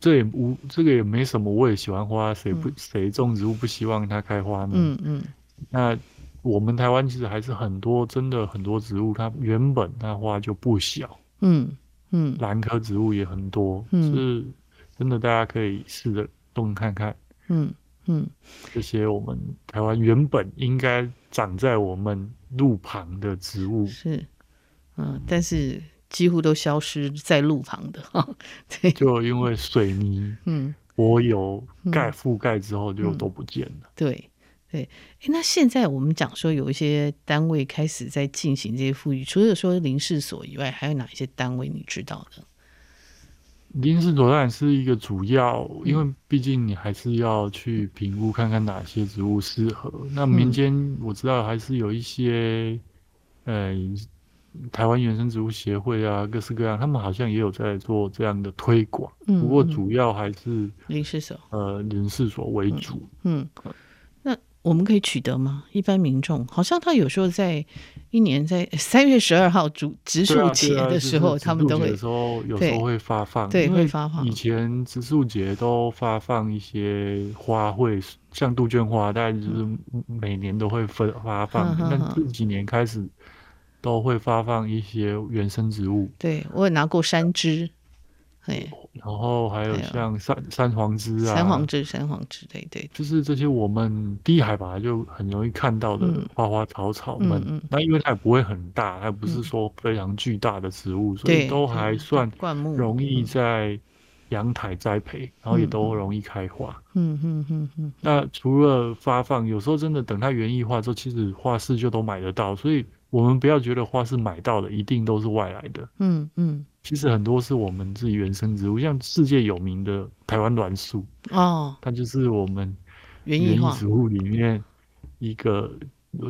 這也無這個也沒什麼，我也喜歡花，誰不誰種植物不希望它開花呢？嗯嗯，嗯那我們台灣其實還是很多真的很多植物，它原本它花就不小，嗯。嗯，蘭科植物也很多，嗯、是真的，大家可以試着動看看。嗯嗯，嗯，這些我們台灣原本應該長在我們路旁的植物，是嗯，嗯，但是幾乎都消失在路旁的哈，就因為水泥、嗯，柏油蓋覆蓋之後就都不見了。嗯嗯嗯、對。對、欸，那現在我們講說有一些單位開始在進行這些復育，除了說林試所以外，還有哪一些單位你知道的？林試所當然是一個主要，嗯、因為畢竟你還是要去評估看看哪些植物適合。那民間我知道還是有一些，嗯呃、台灣原生植物協會啊，各式各樣，他們好像也有在做這樣的推廣。嗯嗯不過主要還是林試所，呃，林試所為主。嗯。嗯我們可以取得嗎？一般民眾好像他有時候在一年在三月十二號植植樹節的時候，啊、時候他們都會對有時候會發放，對，對會發放。以前植樹節都發放一些花卉，像杜鵑花，大概每年都會分發放。嗯、但這幾年開始都會發放一些原生植物。對，我也拿過山枝。對，然後還有像山山黃梔啊，山黃梔、啊、山黃梔，對對，就是這些我們低海拔就很容易看到的、嗯、花花草草們。那、嗯、因為它也不會很大，它不是說非常巨大的植物，嗯、所以都還算容易在陽台栽培，然後也都容易開花。嗯嗯嗯嗯。那、嗯嗯、除了發放，有時候真的等它園藝化之後，其實花市就都買得到，所以。我們不要覺得花是買到的，一定都是外來的。嗯嗯，嗯其實很多是我們自己原生植物，像世界有名的台灣欒樹哦，它就是我們原原生植物裡面一個。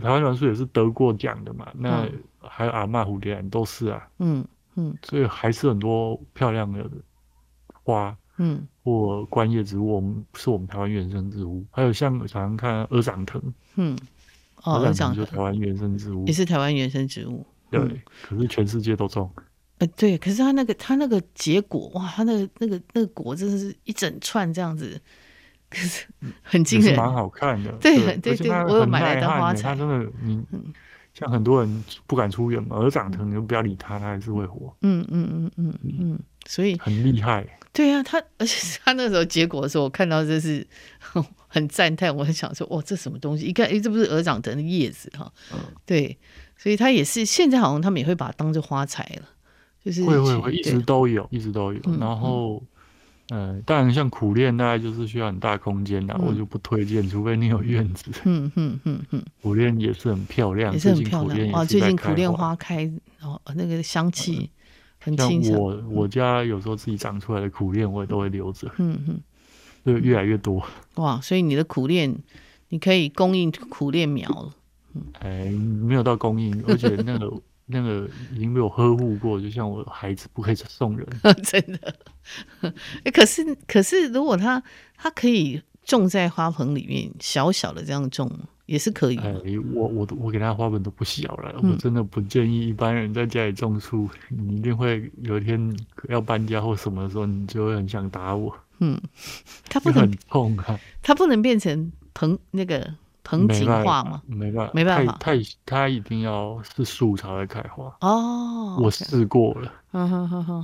台灣欒樹也是得過獎的嘛，嗯、那還有阿嬤蝴蝶蘭都是啊。嗯嗯，嗯所以還是很多漂亮的花，嗯，或觀葉植物，我們是我們台灣原生植物，還有像常看鵝掌藤，嗯。哦，鵝掌藤就台灣原生植物，也是台灣原生植物。嗯、對，可是全世界都種。呃，對，可是它那個它那個結果哇，它那個那個那個果，真的是一整串這樣子，可是很驚人，蠻好看的。對對對，我有買來的當花材，真的，那個，嗯，像很多人不敢出遠門，鵝掌藤，你，嗯、就不要理它，它還是會活。嗯嗯嗯嗯嗯，所以很厲害。對啊，它而且它那時候結果的時候，我看到這是。很讚嘆，我很想說，哇，這什麼東西？一看，哎，這是不是鵝掌藤的葉子哈？嗯、對，所以它也是現在好像他們也會把它當做花材了，就是會會會，一直都有，對一直都有。嗯嗯，然後，嗯、呃，當然像苦楝，大概就是需要很大空間的，嗯、我就不推薦，除非你有院子。嗯哼哼哼，苦楝也是很漂亮，也是很漂亮哦。最近苦楝花開，然、哦、那個香氣很清香。嗯、我我家有時候自己長出來的苦楝，我也都會留着。嗯嗯。就越來越多哇！所以你的苦楝，你可以供應苦楝苗了。哎，沒有到供應，而且那個 那個已經被我呵護過，就像我的孩子，不可以送人。 真的，哎，可是可是，如果他他可以種在花盆裡面，小小的這樣種，也是可以。哎，我我我給他花盆都不小了，嗯、我真的不建議一般人在家裡種樹。你一定會有一天要搬家或什麼的時候，你就會很想打我。嗯，它不能、啊、它不能變成盆那個盆景化嗎？沒辦法，沒辦法，它它,它一定要是樹才會開花哦。Oh, okay. 我試過了，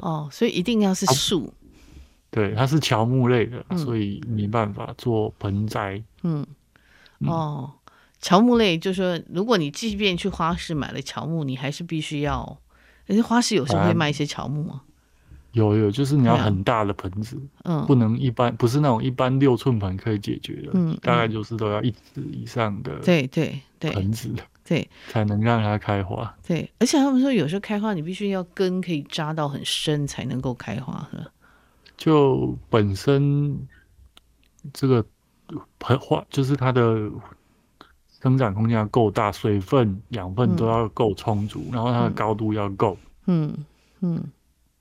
哦，所以一定要是樹，對，它是喬木類的，嗯、所以沒辦法做盆栽。嗯，嗯哦，喬木類就是說，如果你即便去花市買了喬木，你還是必須要，人家花市有時候會賣一些喬木啊。有有，就是你要很大的盆子。啊、嗯，不能一般，不是那種一般六寸盆可以解決的，嗯，嗯大概就是都要一尺以上的盆子，對對對，盆子，對，對對才能讓它開花。對，而且他們說，有時候開花你必須要根可以扎到很深才能夠開花，就本身這個盆花，就是它的生長空間要夠大，水分、養分都要夠充足，嗯、然後它的高度要夠、嗯，嗯嗯。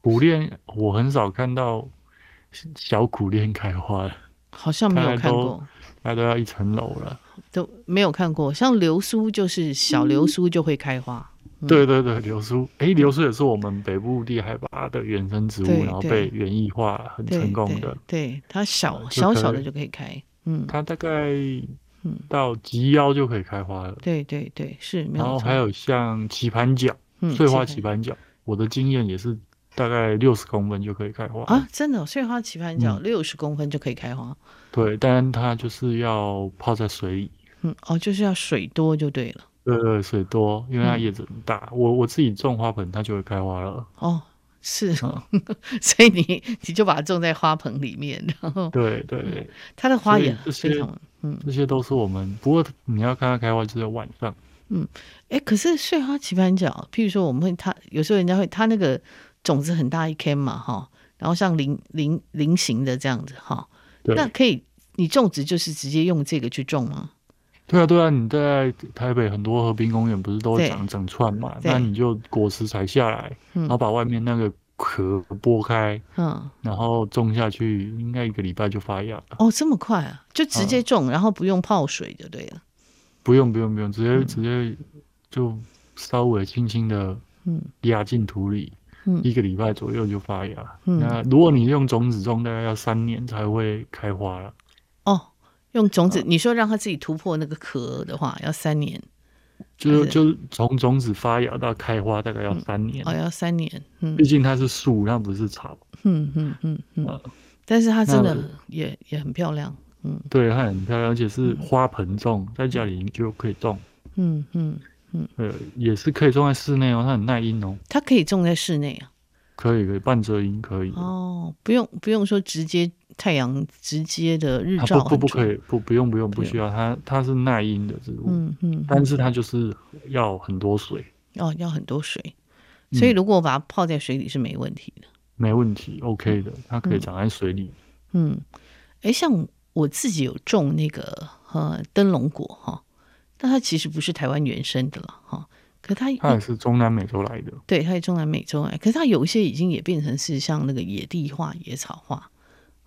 苦楝，我很少看到小苦楝開花了，好像沒有看過。大都要一層樓了，都沒有看過。像流蘇就是小流蘇就會開花，對對對，流蘇，哎，流蘇也是我們北部低海拔的原生植物，然後被園藝化很成功的。對它小小小的就可以開，嗯，它大概到及腰就可以開花了。對對對，是。然後還有像棋盤腳，穗花棋盤腳，我的經驗也是。大概六十公分就可以開花啊！真的、哦，穗花棋盤腳六十公分就可以開花。對，但它就是要泡在水裡。嗯，哦，就是要水多就對了。對對、對，水多，因為它葉子很大。嗯、我我自己種花盆，它就會開花了。哦，是，嗯、 所以你你就把它種在花盆裡面，然後對對、嗯，它的花也是非常、這非常嗯，這些都是我們。不過你要看它開花，就是晚上。嗯，哎、欸，可是穗花棋盤腳，譬如說我們會，它有時候人家會，它那個。種子很大一顆嘛，哈，然後像菱菱菱形的這樣子，哈，對那可以，你種植就是直接用這個去種嗎？對啊，對啊，你在台北很多和平公園不是都長整串嘛？對那你就果實採下來，對然後把外面那個殼剝開，嗯，然後種下去，應該一個禮拜就發芽了，嗯。哦，這麼快啊？就直接種，嗯，然後不用泡水就對了？不用不用不用，直接直接就稍微輕輕的進土，嗯，嗯，壓進土裡。一個禮拜左右就發芽。那如果你用種子種，大概要三年才會開花了。哦，用種子，你說讓它自己突破那個殼的話，要三年。就就從種子發芽到開花，大概要三年。哦，要三年。嗯，畢竟它是樹，它不是草。嗯嗯嗯嗯。但是它真的也也很漂亮。嗯，對，它很漂亮，而且是花盆種，在家裡就可以種。嗯嗯。嗯，呃，也是可以種在室內哦，它很耐陰哦。它可以種在室內啊，可以可以半遮陰可以。哦，不用不用說直接太陽直接的日照，啊。不不，不可以不不用不用不需要，用它它是耐陰的植物。嗯嗯，嗯但是它就是要很多水，嗯。哦，要很多水，所以如果我把它泡在水裡是沒問題的。嗯、沒問題，OK 的，它可以長在水裡。嗯，哎、嗯欸，像我自己有種那個呃燈籠果哈。那它其實不是台灣原生的了，哈。可它，它也是中南美洲來的、嗯。對，它也中南美洲來。可是它有一些已經也變成是像那個野地化、野草化，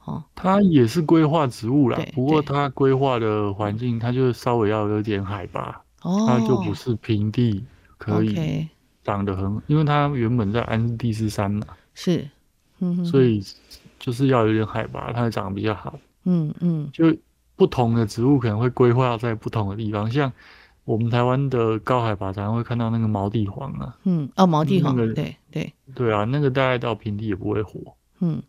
哦、嗯。它也是歸化植物了，對不過它歸化的環境，它就稍微要有點海拔，對它就不是平地可以長得很，oh, okay 因為它原本在安第斯山嘛。是，嗯哼。所以就是要有點海拔，它長得比較好。嗯嗯。就。不同的植物可能會規劃在不同的地方，像我們台灣的高海拔常常會看到那個毛地黃啊，嗯，哦，毛地黃、那個，對對對啊，那個大概到平地也不會活，嗯，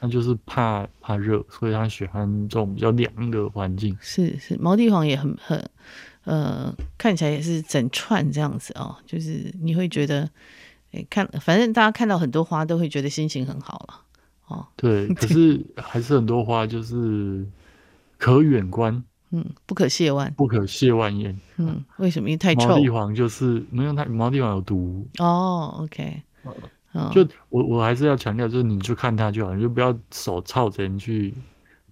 那就是怕怕熱，所以他喜歡這種比較涼的環境。是是，毛地黃也很很，呃，看起來也是整串這樣子哦。就是你會覺得，哎、欸，看，反正大家看到很多花都會覺得心情很好了，哦，對， 可是還是很多花就是。可遠觀，嗯，不可褻玩，不可褻玩焉。嗯，為什麼？因為太臭。毛地黃就是沒有它，毛地黃有毒。哦、oh,，OK，就我、oh. 我還是要強調，就是你去看它就好，你就不要手操着去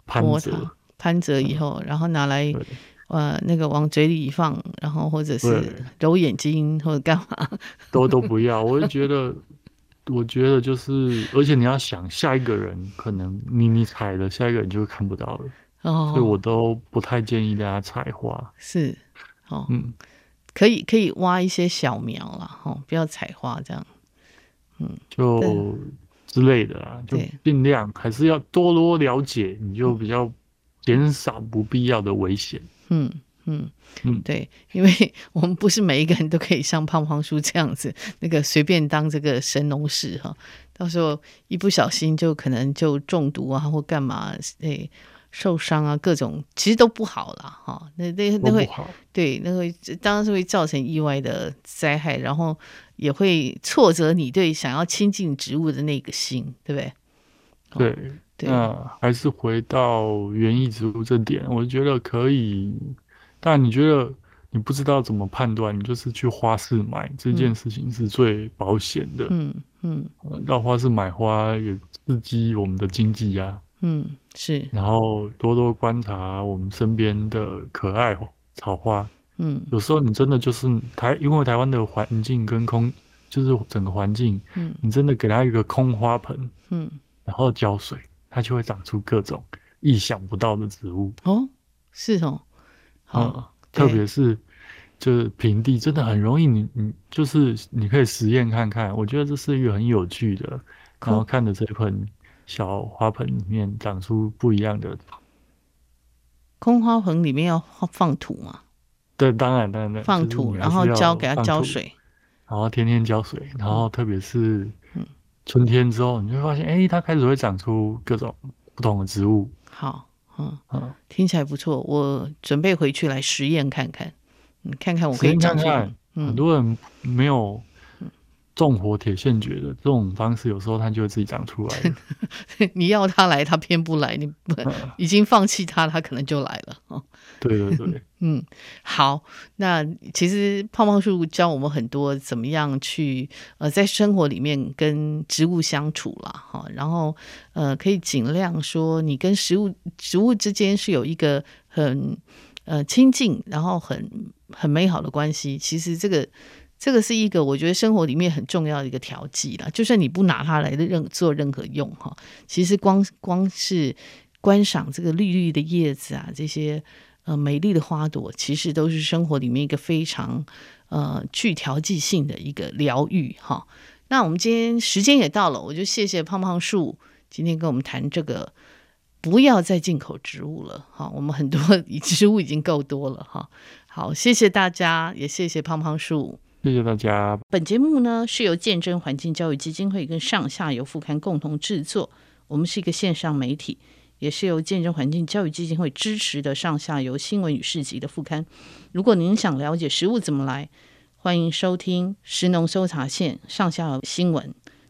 攀折，攀折以後，嗯、然後拿來，對呃，那個往嘴裡放，然後或者是揉眼睛或者幹嘛，對 都都不要。我就覺得，我覺得就是， 而且你要想下一個人，可能你你踩了，下一個人就看不到了。所以，我都不太建議大家採花、哦。是，哦，嗯，可以可以挖一些小苗啦，吼、哦，不要採花這樣，嗯，就之類的啦，對就儘量，還是要多多了解，對你就比較減少不必要的危險、嗯。嗯嗯嗯，對，因為我們不是每一個人都可以像胖胖樹這樣子，那個隨便當這個神農氏哈，到時候一不小心就可能就中毒啊，或幹嘛 say, 受傷啊，各種其實都不好了哈、哦。那那那會，對，那會當然是會造成意外的災害，然後也會挫折你對想要親近植物的那個心，對不對、哦？對，那還是回到園藝植物這點，我覺得可以。但你覺得你不知道怎麼判斷，你就是去花市買這件事情是最保險的。嗯嗯，嗯嗯到花市買花也刺激我們的經濟呀、啊。嗯，是。然後多多觀察我們身邊的可愛草花。嗯，有時候你真的就是台，因為台灣的環境跟空，就是整個環境，嗯，你真的給它一個空花盆，嗯，然後澆水，它就會長出各種意想不到的植物。哦，是哦，好，嗯、對特別是就是平地，真的很容易你，你你就是你可以實驗看看。我覺得這是一個很有趣的，空然後看著這一盆。小花盆裡面長出不一樣的。空花盆裡面要放土嗎？對，當然，當然放土，放土然後澆，給它澆水，然後天天澆水，然後特別是春天之後，你就會發現，哎、欸，它開始會長出各種不同的植物。好，好嗯，嗯，聽起來不錯，我準備回去來實驗看看，嗯，看看我可以長什麼。很多人沒有。種活鐵線蕨的這種方式，有時候它就會自己長出來了。 你要它來，它偏不來。你、嗯、已經放棄它，它可能就來了。 對對對。嗯，好。那其實胖胖樹教我們很多怎麼樣去呃，在生活裡面跟植物相處啦。哈。然後呃，可以儘量說你跟食物植物之間是有一個很呃親近，然後很很美好的關係。其實這個。這個是一個我覺得生活裡面很重要的一個調劑了，就算你不拿它來的任做任何用哈，其實光光是觀賞這個綠綠的葉子啊，這些呃美麗的花朵，其實都是生活裡面一個非常呃具調劑性的一個療癒哈。那我們今天時間也到了，我就謝謝胖胖樹今天跟我們談這個不要再進口植物了，哈，我們很多植物已經夠多了哈。好，謝謝大家，也謝謝胖胖樹。謝謝大家。本節目呢，是由見證環境教育基金會跟上下游副刊共同制作。我們是一個線上媒體，也是由見證環境教育基金會支持的上下游新聞與市集的副刊。如果您想了解食物怎麼來，歡迎收聽食農搜查線，上下游新聞。